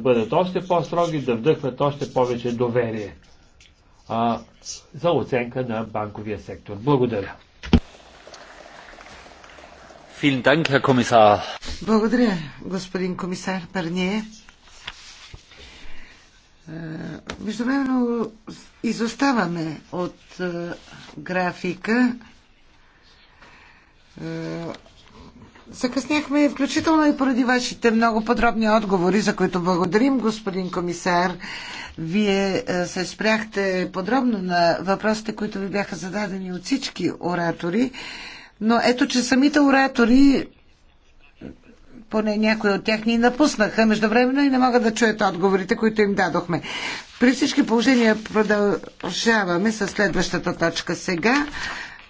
да бъдат още по-строги, да вдъхват още повече доверие а, за оценка на банковия сектор. Благодаря. Благодаря, господин комисар Парние. Е, междувременно изоставаме от е, графика. Е, Закъсняхме включително и поради вашите много подробни отговори, за които благодарим, господин комисар. Вие е, се спряхте подробно на въпросите, които ви бяха зададени от всички оратори, но ето, че самите оратори поне някои от тях ни напуснаха междувременно и не могат да чуят отговорите, които им дадохме. При всички положения продължаваме с следващата точка сега,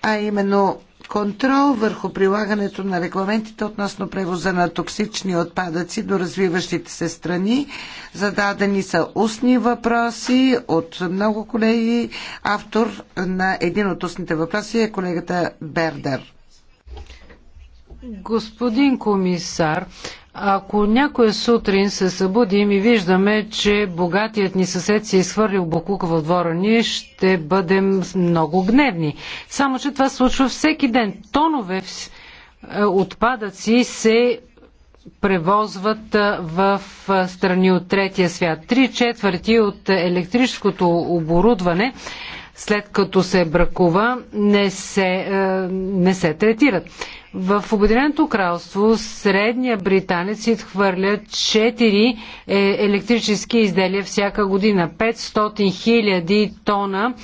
а именно контрол върху прилагането на регламентите относно превоза на токсични отпадъци до развиващите се страни. Зададени са устни въпроси от много колеги. Автор на един от устните въпроси е колегата Бердер. Господин комисар, ако някоя сутрин се събудим и виждаме, че богатият ни съсед си е изхвърлил буклука в двора ни, ще бъдем много гневни. Само, че това случва всеки ден. Тонове е, отпадъци се превозват е, в е, страни от третия свят. Три четвърти от електрическото оборудване, след като се бракува, не се, не се третират. В Обединеното кралство средния британец изхвърля 4 е, електрически изделия всяка година. 500 хиляди тона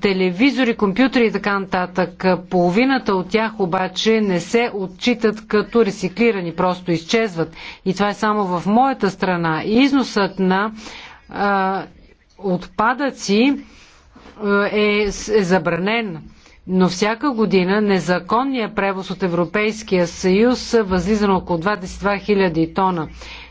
телевизори, компютри и така нататък. Половината от тях обаче не се отчитат като рециклирани, просто изчезват. И това е само в моята страна. Износът на а, отпадъци е, е забранен но всяка година незаконният превоз от Европейския съюз възлиза на около 22 000 тона.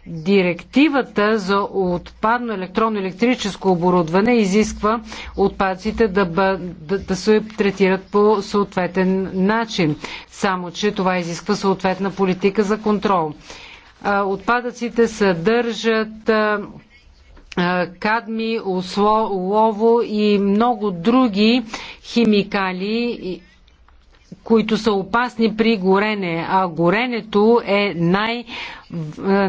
Директивата за отпадно електронно електрическо оборудване изисква отпадците да, бъ... да, да се третират по съответен начин, само че това изисква съответна политика за контрол. Отпадъците съдържат кадми, олово и много други химикали, които са опасни при горене. А горенето е най-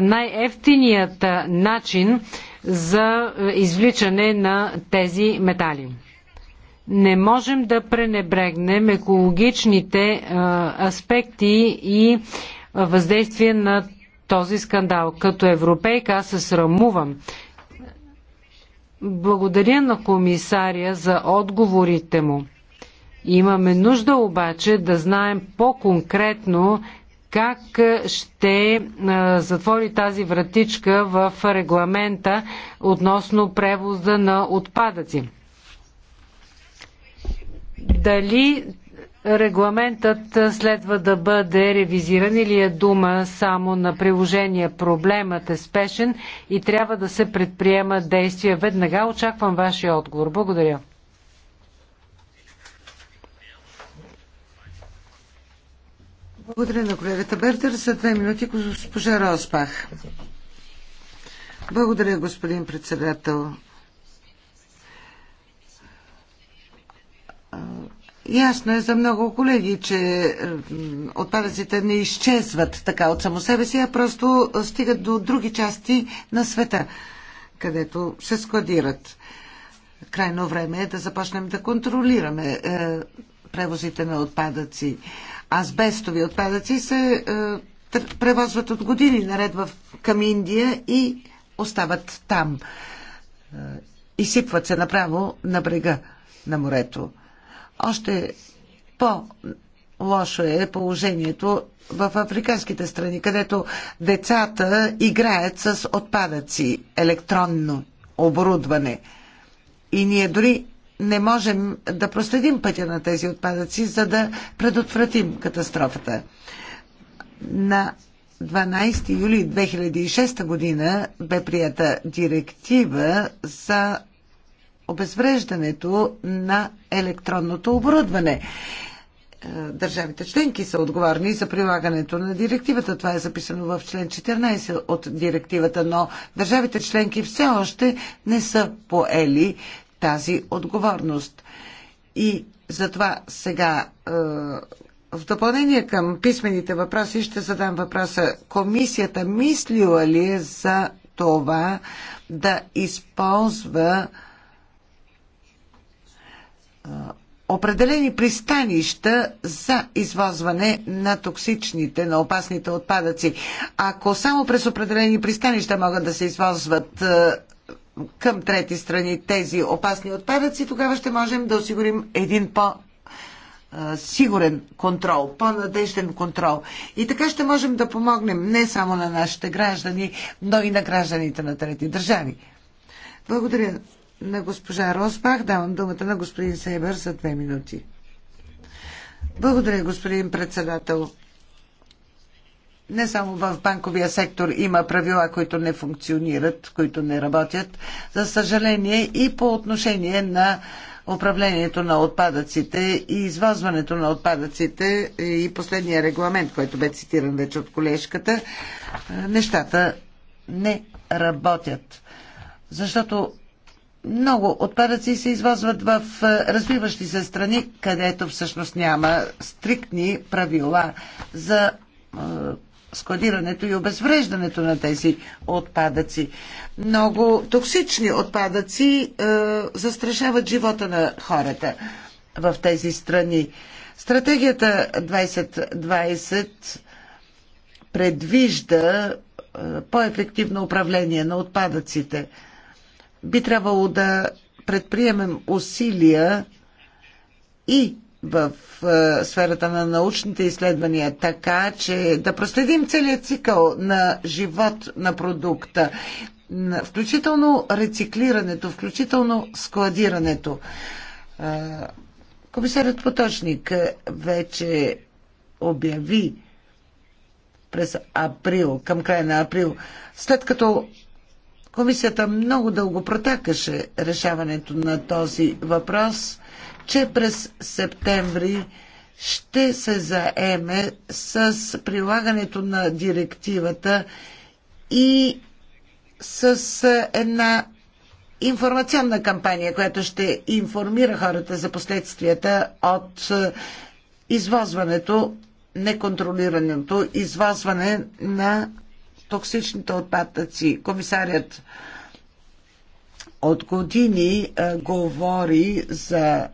най-ефтиният начин за извличане на тези метали. Не можем да пренебрегнем екологичните аспекти и въздействие на този скандал. Като европейка аз се срамувам, благодаря на комисаря за отговорите му. Имаме нужда обаче да знаем по-конкретно как ще затвори тази вратичка в регламента относно превоза на отпадъци. Дали Регламентът следва да бъде ревизиран или е дума само на приложение. Проблемът е спешен и трябва да се предприема действия. Веднага очаквам вашия отговор. Благодаря. Благодаря на колегата Бертер. За две минути госпожа Роспах. Благодаря, господин председател. Ясно е за много колеги, че отпадъците не изчезват така от само себе си, а просто стигат до други части на света, където се складират. Крайно време е да започнем да контролираме е, превозите на отпадъци. Азбестови отпадъци се е, превозват от години наред в, към Индия и остават там. Е, изсипват се направо на брега на морето. Още по-лошо е положението в африканските страни, където децата играят с отпадъци, електронно оборудване. И ние дори не можем да проследим пътя на тези отпадъци, за да предотвратим катастрофата. На 12 юли 2006 година бе прията директива за обезвреждането на електронното оборудване. Е, държавите членки са отговорни за прилагането на директивата. Това е записано в член 14 от директивата, но държавите членки все още не са поели тази отговорност. И затова сега е, в допълнение към писмените въпроси ще задам въпроса. Комисията мислила ли е за това да използва определени пристанища за извозване на токсичните, на опасните отпадъци. Ако само през определени пристанища могат да се извозват към трети страни тези опасни отпадъци, тогава ще можем да осигурим един по- сигурен контрол, по-надежден контрол. И така ще можем да помогнем не само на нашите граждани, но и на гражданите на трети държави. Благодаря на госпожа Росбах. Давам думата на господин Сейбър за две минути. Благодаря, господин председател. Не само в банковия сектор има правила, които не функционират, които не работят. За съжаление и по отношение на управлението на отпадъците и извозването на отпадъците и последния регламент, който бе цитиран вече от колежката, нещата не работят. Защото много отпадъци се извозват в е, развиващи се страни, където всъщност няма стриктни правила за е, складирането и обезвреждането на тези отпадъци. Много токсични отпадъци е, застрашават живота на хората в тези страни. Стратегията 2020 предвижда е, по-ефективно управление на отпадъците – би трябвало да предприемем усилия и в е, сферата на научните изследвания, така че да проследим целият цикъл на живот на продукта, включително рециклирането, включително складирането. Е, комисарят Поточник вече обяви през април, към края на април, след като Комисията много дълго протакаше решаването на този въпрос, че през септември ще се заеме с прилагането на директивата и с една информационна кампания, която ще информира хората за последствията от извозването, неконтролираното извозване на токсичните отпадъци. Комисарят от години а, говори за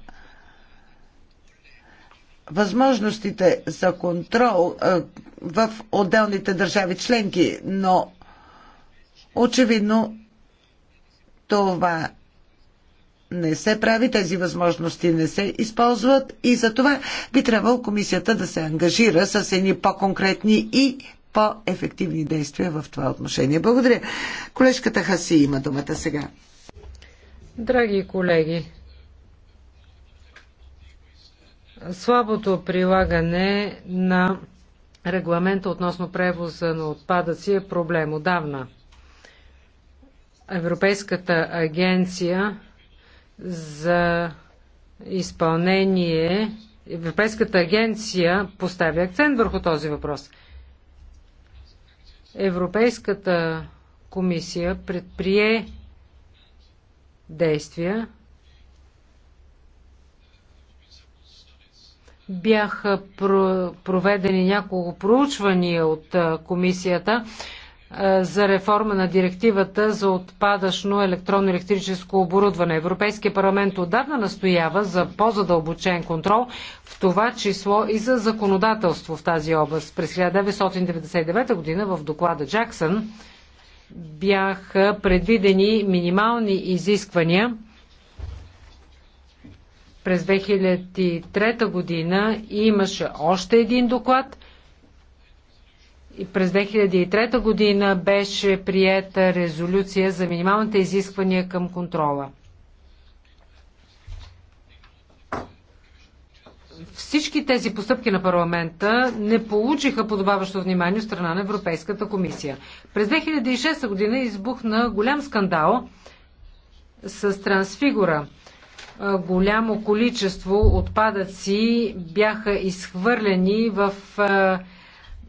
възможностите за контрол а, в отделните държави членки, но очевидно това не се прави, тези възможности не се използват и за това би трябвало комисията да се ангажира с едни по-конкретни и по-ефективни действия в това отношение. Благодаря. Колежката Хаси има думата сега. Драги колеги, слабото прилагане на регламента относно превоза на отпадъци е проблем отдавна. Европейската агенция за изпълнение, Европейската агенция поставя акцент върху този въпрос – Европейската комисия предприе действия, бяха проведени няколко проучвания от комисията е, за реформа на директивата за отпадъчно електронно електрическо оборудване. Европейския парламент отдавна настоява за по-задълбочен контрол, в това число и за законодателство в тази област. През 1999 година в доклада Джаксън бяха предвидени минимални изисквания през 2003 година имаше още един доклад през 2003 година беше приета резолюция за минималните изисквания към контрола. Всички тези постъпки на парламента не получиха подобаващо внимание от страна на Европейската комисия. През 2006 година избухна голям скандал с трансфигура. Голямо количество отпадъци бяха изхвърлени в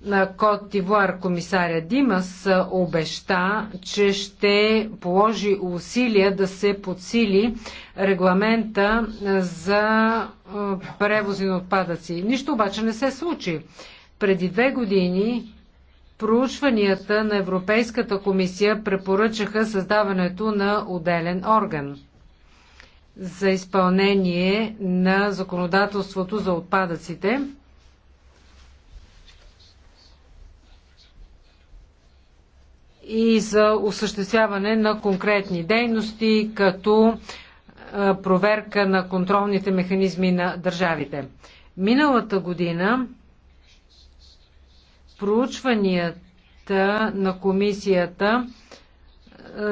на Кот Дивуар комисаря Димас обеща, че ще положи усилия да се подсили регламента за превози на отпадъци. Нищо обаче не се случи. Преди две години проучванията на Европейската комисия препоръчаха създаването на отделен орган за изпълнение на законодателството за отпадъците – и за осъществяване на конкретни дейности, като е, проверка на контролните механизми на държавите. Миналата година проучванията на комисията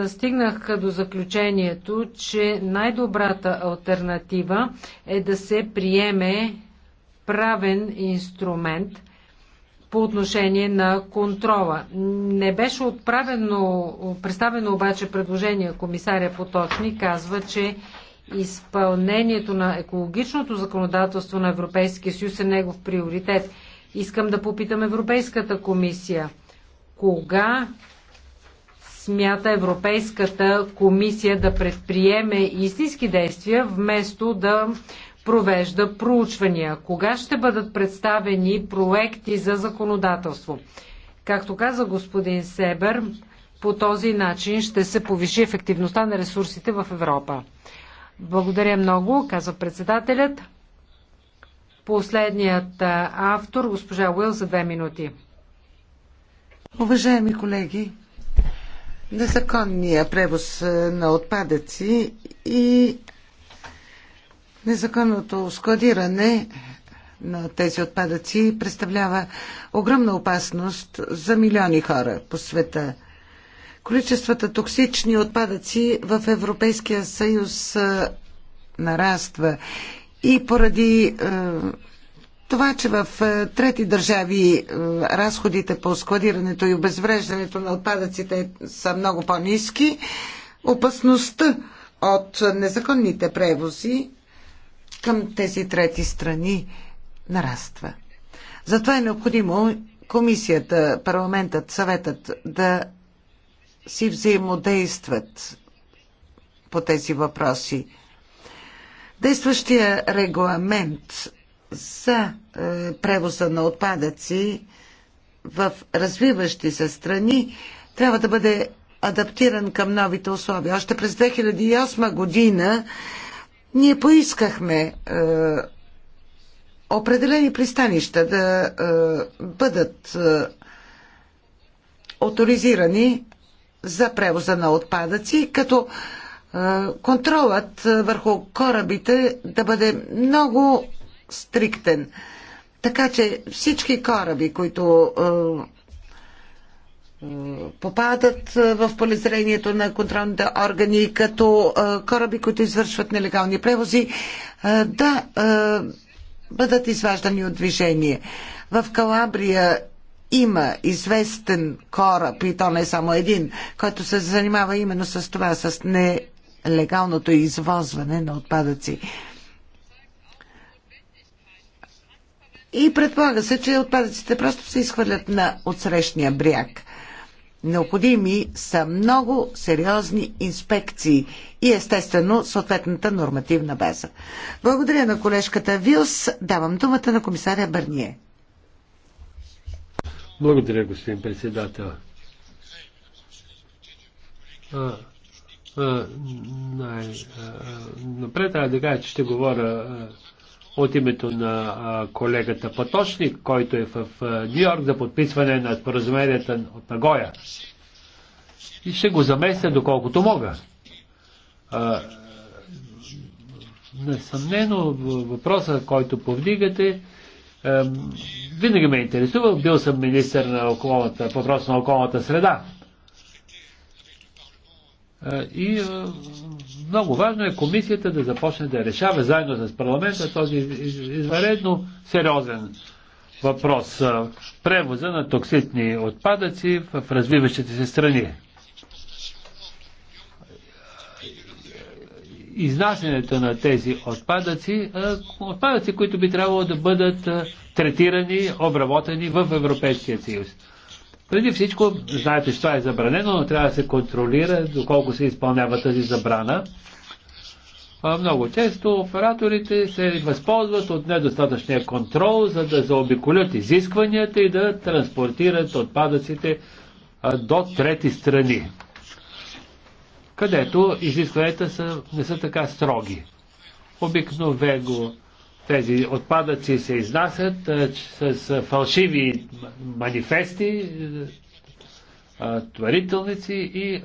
е, стигнаха до заключението, че най-добрата альтернатива е да се приеме правен инструмент – по отношение на контрола. Не беше отправено, представено обаче предложение. Комисаря Поточни казва, че изпълнението на екологичното законодателство на Европейския съюз е негов приоритет. Искам да попитам Европейската комисия. Кога смята Европейската комисия да предприеме истински действия, вместо да провежда проучвания. Кога ще бъдат представени проекти за законодателство? Както каза господин Себер, по този начин ще се повиши ефективността на ресурсите в Европа. Благодаря много, казва председателят. Последният автор, госпожа Уил, за две минути. Уважаеми колеги, незаконния превоз на отпадъци и Незаконното складиране на тези отпадъци представлява огромна опасност за милиони хора по света. Количествата токсични отпадъци в Европейския съюз нараства и поради е, това, че в е, трети държави е, разходите по складирането и обезвреждането на отпадъците са много по-низки, опасността от незаконните превози към тези трети страни нараства. Затова е необходимо комисията, парламентът, съветът да си взаимодействат по тези въпроси. Действащия регламент за е, превоза на отпадъци в развиващи се страни трябва да бъде адаптиран към новите условия. Още през 2008 година ние поискахме е, определени пристанища да е, бъдат е, авторизирани за превоза на отпадъци, като е, контролът е, върху корабите да бъде много стриктен. Така че всички кораби, които е, попадат в полезрението на контролните органи като кораби, които извършват нелегални превози, да бъдат изваждани от движение. В Калабрия има известен кораб, и то не е само един, който се занимава именно с това, с нелегалното извозване на отпадъци. И предполага се, че отпадъците просто се изхвърлят на отсрещния бряг – Необходими са много сериозни инспекции и естествено съответната нормативна база. Благодаря на колежката Вилс. Давам думата на комисаря Бърние. Благодаря, господин председател. А, а, най, а, напред трябва да кажа, че ще говоря а, от името на колегата Паточник, който е в Нью Йорк за подписване на споразуменията от Нагоя. И ще го заместя доколкото мога. Несъмнено въпроса, който повдигате, винаги ме интересува. Бил съм министър на околната, на околната среда. Е, и е, много важно е комисията да започне да решава заедно с парламента този изваредно сериозен въпрос. Е, превоза на токсични отпадъци в развиващите се страни. Изнасянето на тези отпадъци, отпадъци, които би трябвало да бъдат третирани, обработени в Европейския съюз. Преди всичко, знаете, че това е забранено, но трябва да се контролира доколко се изпълнява тази забрана. Много често операторите се възползват от недостатъчния контрол, за да заобиколят изискванията и да транспортират отпадъците до трети страни, където изискванията са, не са така строги. Обикновено тези отпадъци се изнасят е, с е, фалшиви манифести, е, творителници и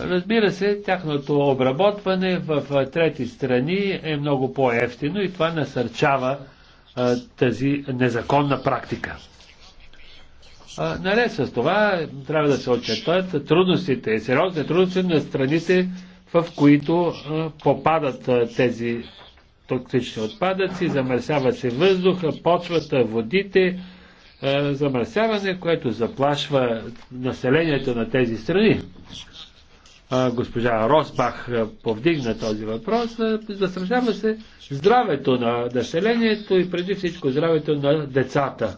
Разбира се, тяхното обработване в трети страни е много по-ефтино и това насърчава а, тази незаконна практика. А, наред с това трябва да се отчетат трудностите, сериозни трудности на страните, в които попадат тези токсични отпадъци, замърсява се въздуха, почвата, водите, замърсяване, което заплашва населението на тези страни. Госпожа Росбах повдигна този въпрос. Застрашава се здравето на населението и преди всичко здравето на децата.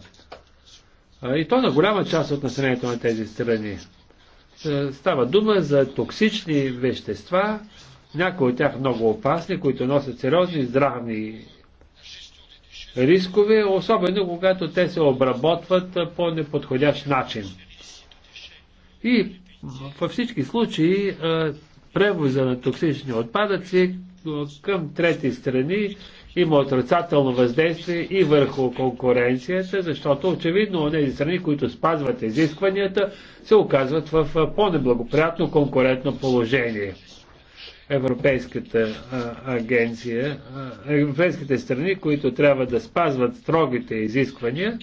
И то на голяма част от населението на тези страни. Е, става дума за токсични вещества, някои от тях много опасни, които носят сериозни здравни рискове, особено когато те се обработват по неподходящ начин. И във всички случаи е, превоза на токсични отпадъци е, към трети страни има отрицателно въздействие и върху конкуренцията, защото очевидно тези страни, които спазват изискванията, се оказват в по-неблагоприятно конкурентно положение. Европейската агенция, европейските страни, които трябва да спазват строгите изисквания,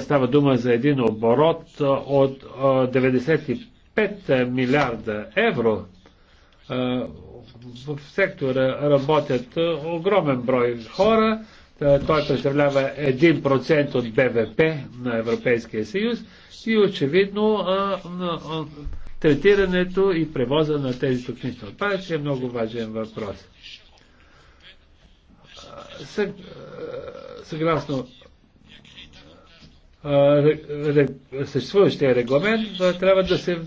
става дума за един оборот от 95 милиарда евро в сектора работят е, огромен брой хора. Е, той представлява 1% от БВП на Европейския съюз и очевидно е, третирането и превоза на тези токсични отпадъци е много важен въпрос. Съгласно съществуващия регламент трябва да се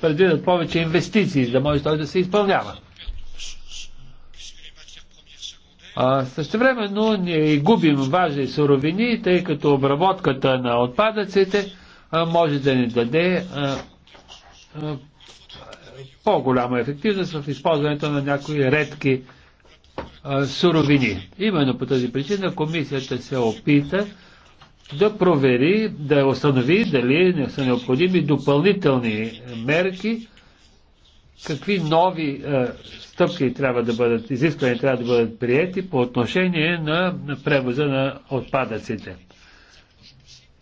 предвидят повече инвестиции, за да може той да се изпълнява. Същевременно ние губим важни суровини, тъй като обработката на отпадъците може да ни даде по-голяма ефективност в използването на някои редки суровини. Именно по тази причина комисията се опита да провери, да установи дали не са необходими допълнителни мерки, какви нови а, е, стъпки трябва да бъдат, изисквания трябва да бъдат приети по отношение на, на превоза на отпадъците.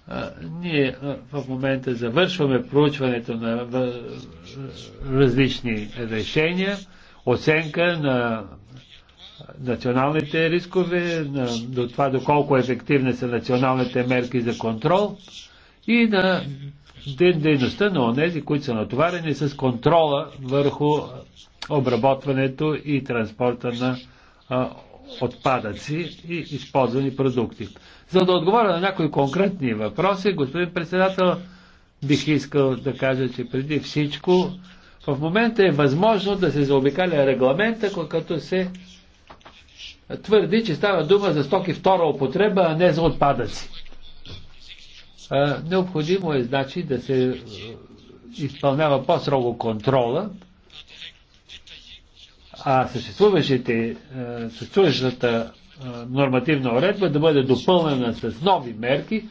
А, е, ние а, е, в момента завършваме проучването на в, различни решения, оценка на националните рискове, на, до това доколко ефективни са националните мерки за контрол и на дейността на онези, които са натоварени с контрола върху обработването и транспорта на а, отпадъци и използвани продукти. За да отговоря на някои конкретни въпроси, господин председател, бих искал да кажа, че преди всичко в момента е възможно да се заобикаля регламента, като се твърди, че става дума за стоки втора употреба, а не за отпадъци. Необходимо е, значи, да се е, изпълнява по-строго контрола, а съществуващите, е, съществуващата е, нормативна уредба да бъде допълнена с нови мерки,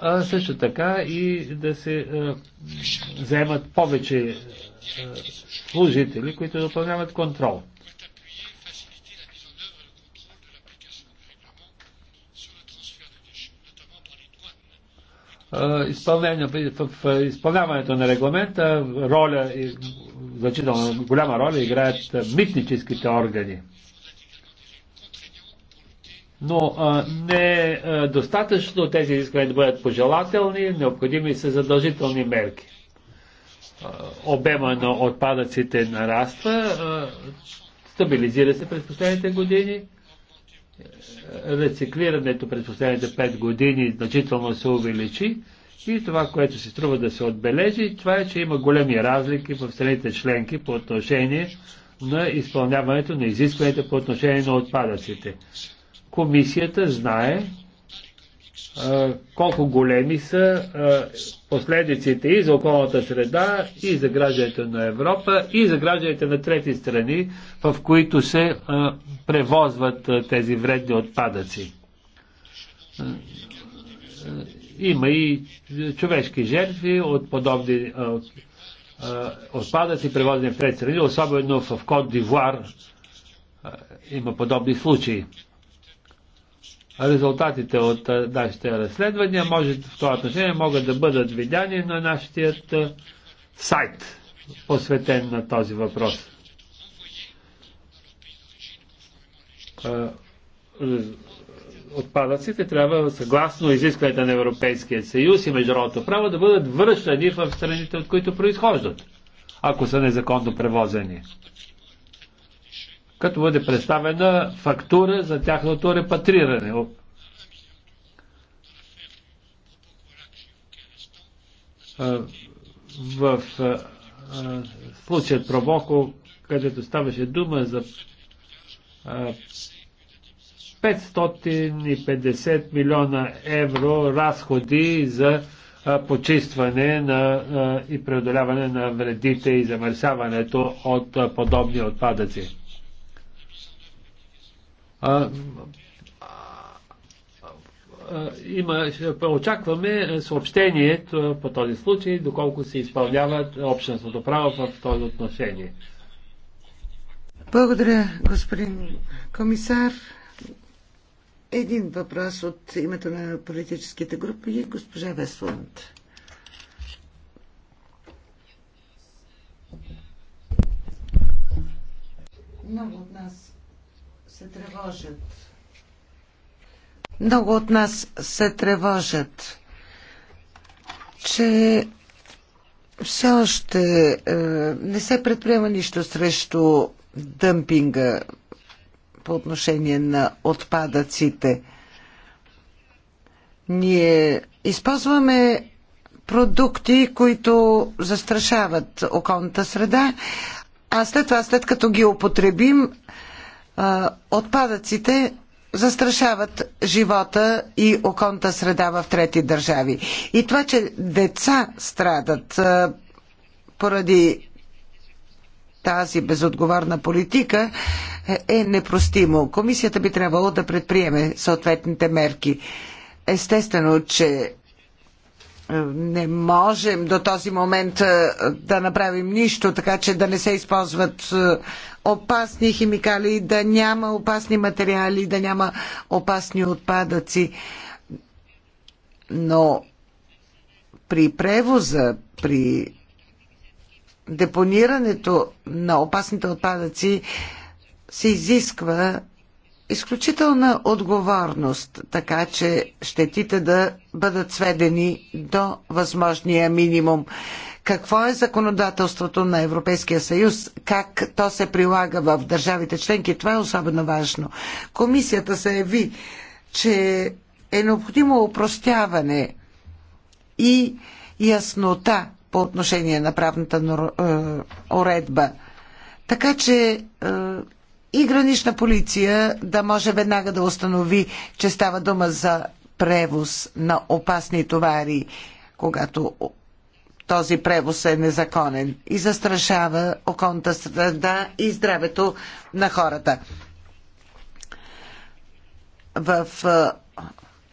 а също така и да се вземат повече служители, които допълняват контрол. в изпълняването на регламента роля и значително голяма роля играят митническите органи. Но а, не е достатъчно тези изисквания да бъдат пожелателни, необходими са задължителни мерки. обема на отпадъците нараства, а, стабилизира се през последните години рециклирането през последните 5 години значително се увеличи и това, което се струва да се отбележи, това е, че има големи разлики в страните членки по отношение на изпълняването на изискванията по отношение на отпадъците. Комисията знае, колко големи са последиците и за околната среда, и за гражданите на Европа, и за гражданите на трети страни, в които се превозват тези вредни отпадъци. Има и човешки жертви от подобни отпадъци, превозени в трети страни, особено в Кот Дивуар има подобни случаи резултатите от нашите разследвания може, в това отношение могат да бъдат видяни на нашия сайт, посветен на този въпрос. Отпадъците трябва, съгласно изискването на Европейския съюз и международното право, да бъдат връщани в страните, от които произхождат, ако са незаконно превозени като бъде представена фактура за тяхното репатриране. В случаят Пробоко, където ставаше дума за 550 милиона евро разходи за почистване на, и преодоляване на вредите и замърсяването от подобни отпадъци. А, има, очакваме съобщението по този случай, доколко се изпълнява общностното право в този отношение. Благодаря, господин комисар. Един въпрос от името на политическите групи, госпожа Весланд. Много от нас се тревожат. Много от нас се тревожат, че все още е, не се предприема нищо срещу дъмпинга по отношение на отпадъците. Ние използваме продукти, които застрашават околната среда, а след това, след като ги употребим, отпадъците застрашават живота и околната среда в трети държави. И това, че деца страдат поради тази безотговорна политика е, е непростимо. Комисията би трябвало да предприеме съответните мерки. Естествено, че не можем до този момент е, да направим нищо, така че да не се използват е, опасни химикали, да няма опасни материали, да няма опасни отпадъци. Но при превоза, при депонирането на опасните отпадъци се изисква изключителна отговорност, така че щетите да бъдат сведени до възможния минимум. Какво е законодателството на Европейския съюз? Как то се прилага в държавите членки? Това е особено важно. Комисията се яви, че е необходимо упростяване и яснота по отношение на правната е, уредба. Така че е, и гранична полиция да може веднага да установи, че става дума за превоз на опасни товари, когато този превоз е незаконен и застрашава околната среда и здравето на хората. В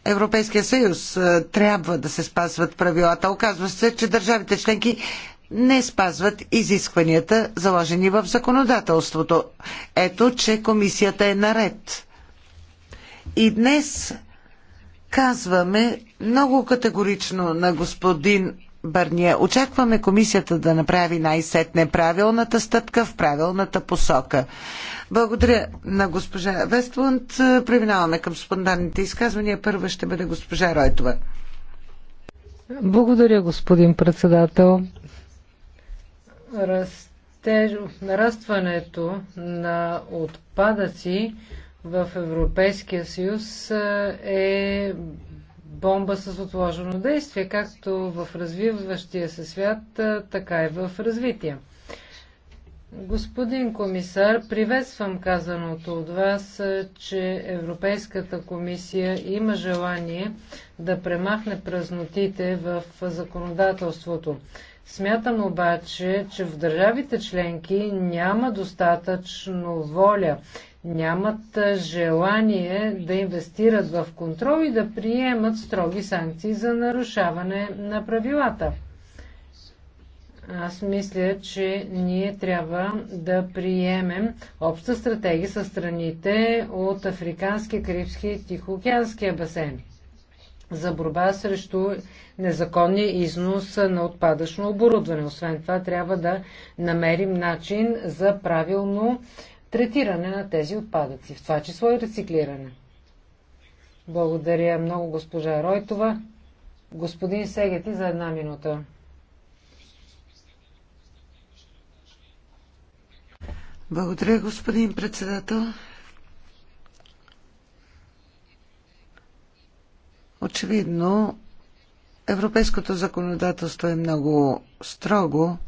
Европейския съюз трябва да се спазват правилата. Оказва се, че държавите членки не спазват изискванията, заложени в законодателството. Ето, че комисията е наред. И днес казваме много категорично на господин Бърния, Очакваме комисията да направи най-сетне правилната стъпка в правилната посока. Благодаря на госпожа Вестланд. Преминаваме към спонтанните изказвания. Първа ще бъде госпожа Ройтова. Благодаря, господин председател нарастването на отпадъци в Европейския съюз е, е бомба с отложено действие, както в развиващия се свят, е, така и в развитие. Господин комисар, приветствам казаното от вас, е, че Европейската комисия има желание да премахне празнотите в законодателството. Смятам обаче, че в държавите членки няма достатъчно воля, нямат желание да инвестират в контрол и да приемат строги санкции за нарушаване на правилата. Аз мисля, че ние трябва да приемем обща стратегия със страните от Африканския, Карибския и Тихоокеанския басейн за борба срещу незаконния износ на отпадъчно оборудване. Освен това, трябва да намерим начин за правилно третиране на тези отпадъци, в това число и рециклиране. Благодаря много госпожа Ройтова. Господин Сегети за една минута. Благодаря, господин председател. Очевидно, европейското законодателство е много строго,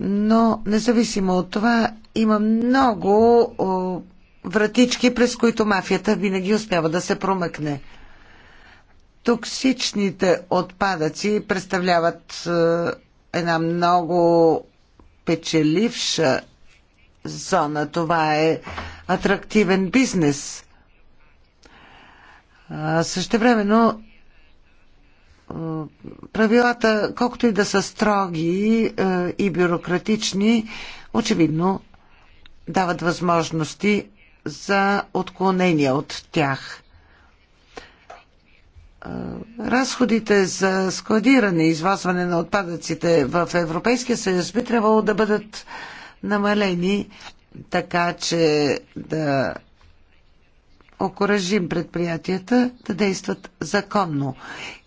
но независимо от това има много о, вратички, през които мафията винаги успява да се промъкне. Токсичните отпадъци представляват е, една много печеливша зона. Това е атрактивен бизнес. Същевременно правилата, колкото и да са строги и бюрократични, очевидно дават възможности за отклонения от тях. Разходите за складиране и извазване на отпадъците в Европейския съюз би трябвало да бъдат намалени така, че да окоръжим предприятията да действат законно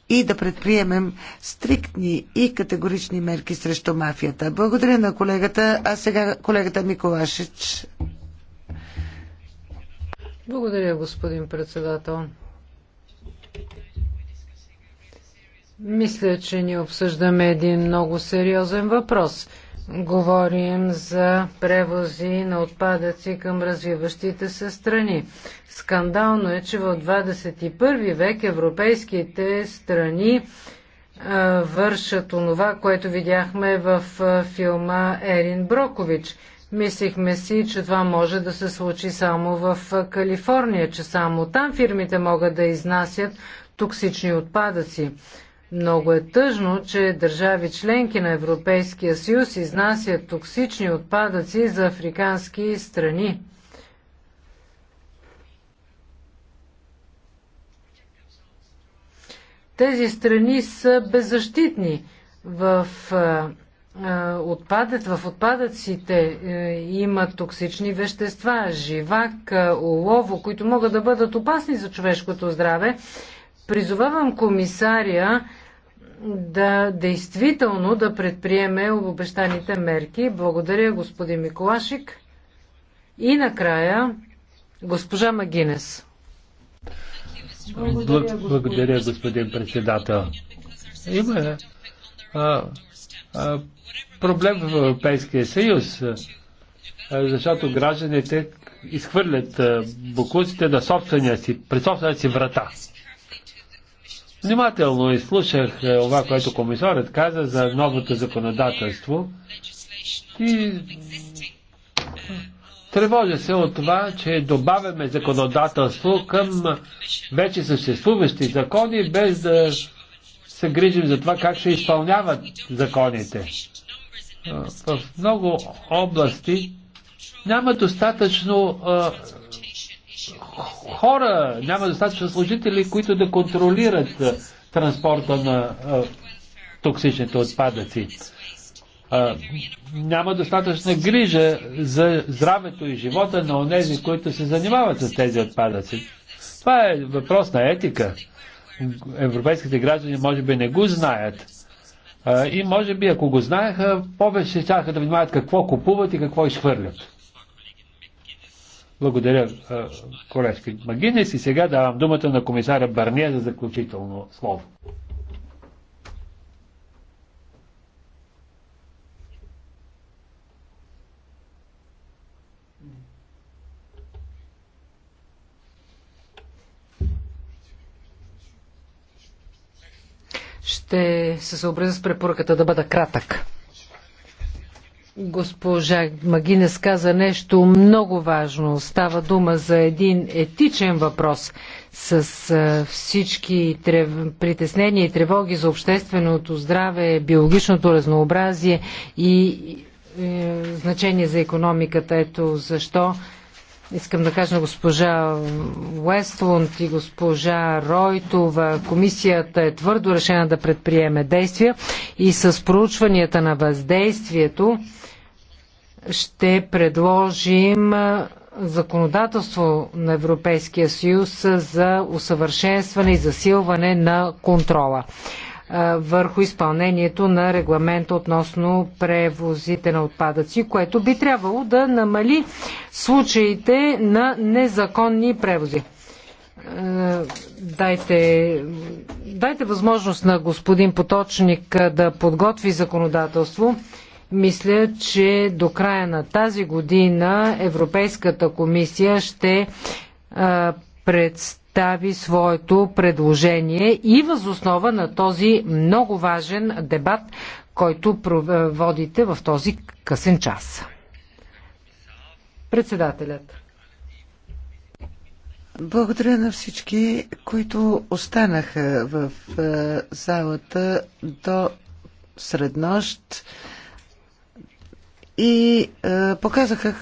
и да предприемем стриктни и категорични мерки срещу мафията. Благодаря на колегата, а сега колегата Миколашич. Благодаря, господин председател. Мисля, че ни обсъждаме един много сериозен въпрос – Говорим за превози на отпадъци към развиващите се страни. Скандално е, че в 21 век европейските страни вършат онова, което видяхме в филма Ерин Брокович. Мислихме си, че това може да се случи само в Калифорния, че само там фирмите могат да изнасят токсични отпадъци. Много е тъжно, че държави членки на Европейския съюз изнасят токсични отпадъци за африкански страни. Тези страни са беззащитни. В, а, в отпадъците а, е, има токсични вещества, живак, олово, е, които могат да бъдат опасни за човешкото здраве Призовавам комисаря да действително да предприеме обещаните мерки. Благодаря, господин Миколашик. И накрая, госпожа Магинес. Благодаря, Благодаря господин председател. Има а, а, проблем в Европейския съюз, а, защото гражданите изхвърлят а, бокуците на собствения си, при собствената си врата. Внимателно изслушах това, е, което комисарът каза за новото законодателство и тревожа се от това, че добавяме законодателство към вече съществуващи закони, без да се грижим за това как ще изпълняват законите. В много области няма достатъчно хора, няма достатъчно служители, които да контролират транспорта на токсичните отпадъци. Няма достатъчна грижа за здравето и живота на онези, които се занимават с тези отпадъци. Това е въпрос на етика. Европейските граждани може би не го знаят. И може би ако го знаеха, повече ще да внимават какво купуват и какво изхвърлят. Благодаря, колежки Магинес. И сега давам думата на комисаря Барния за заключително слово. Ще се съобразя с препоръката да бъда кратък. Госпожа Магинес каза нещо много важно. Става дума за един етичен въпрос с всички трев... притеснения и тревоги за общественото здраве, биологичното разнообразие и е, значение за економиката. Ето защо Искам да кажа на госпожа Уестлунд и госпожа Ройтова, комисията е твърдо решена да предприеме действия и с проучванията на въздействието ще предложим законодателство на Европейския съюз за усъвършенстване и засилване на контрола върху изпълнението на регламента относно превозите на отпадъци, което би трябвало да намали случаите на незаконни превози. Дайте, дайте възможност на господин Поточник да подготви законодателство. Мисля, че до края на тази година Европейската комисия ще представи представи своето предложение и възоснова на този много важен дебат, който проводите е, в този късен час. Председателят. Благодаря на всички, които останаха в е, залата до среднощ и е, показаха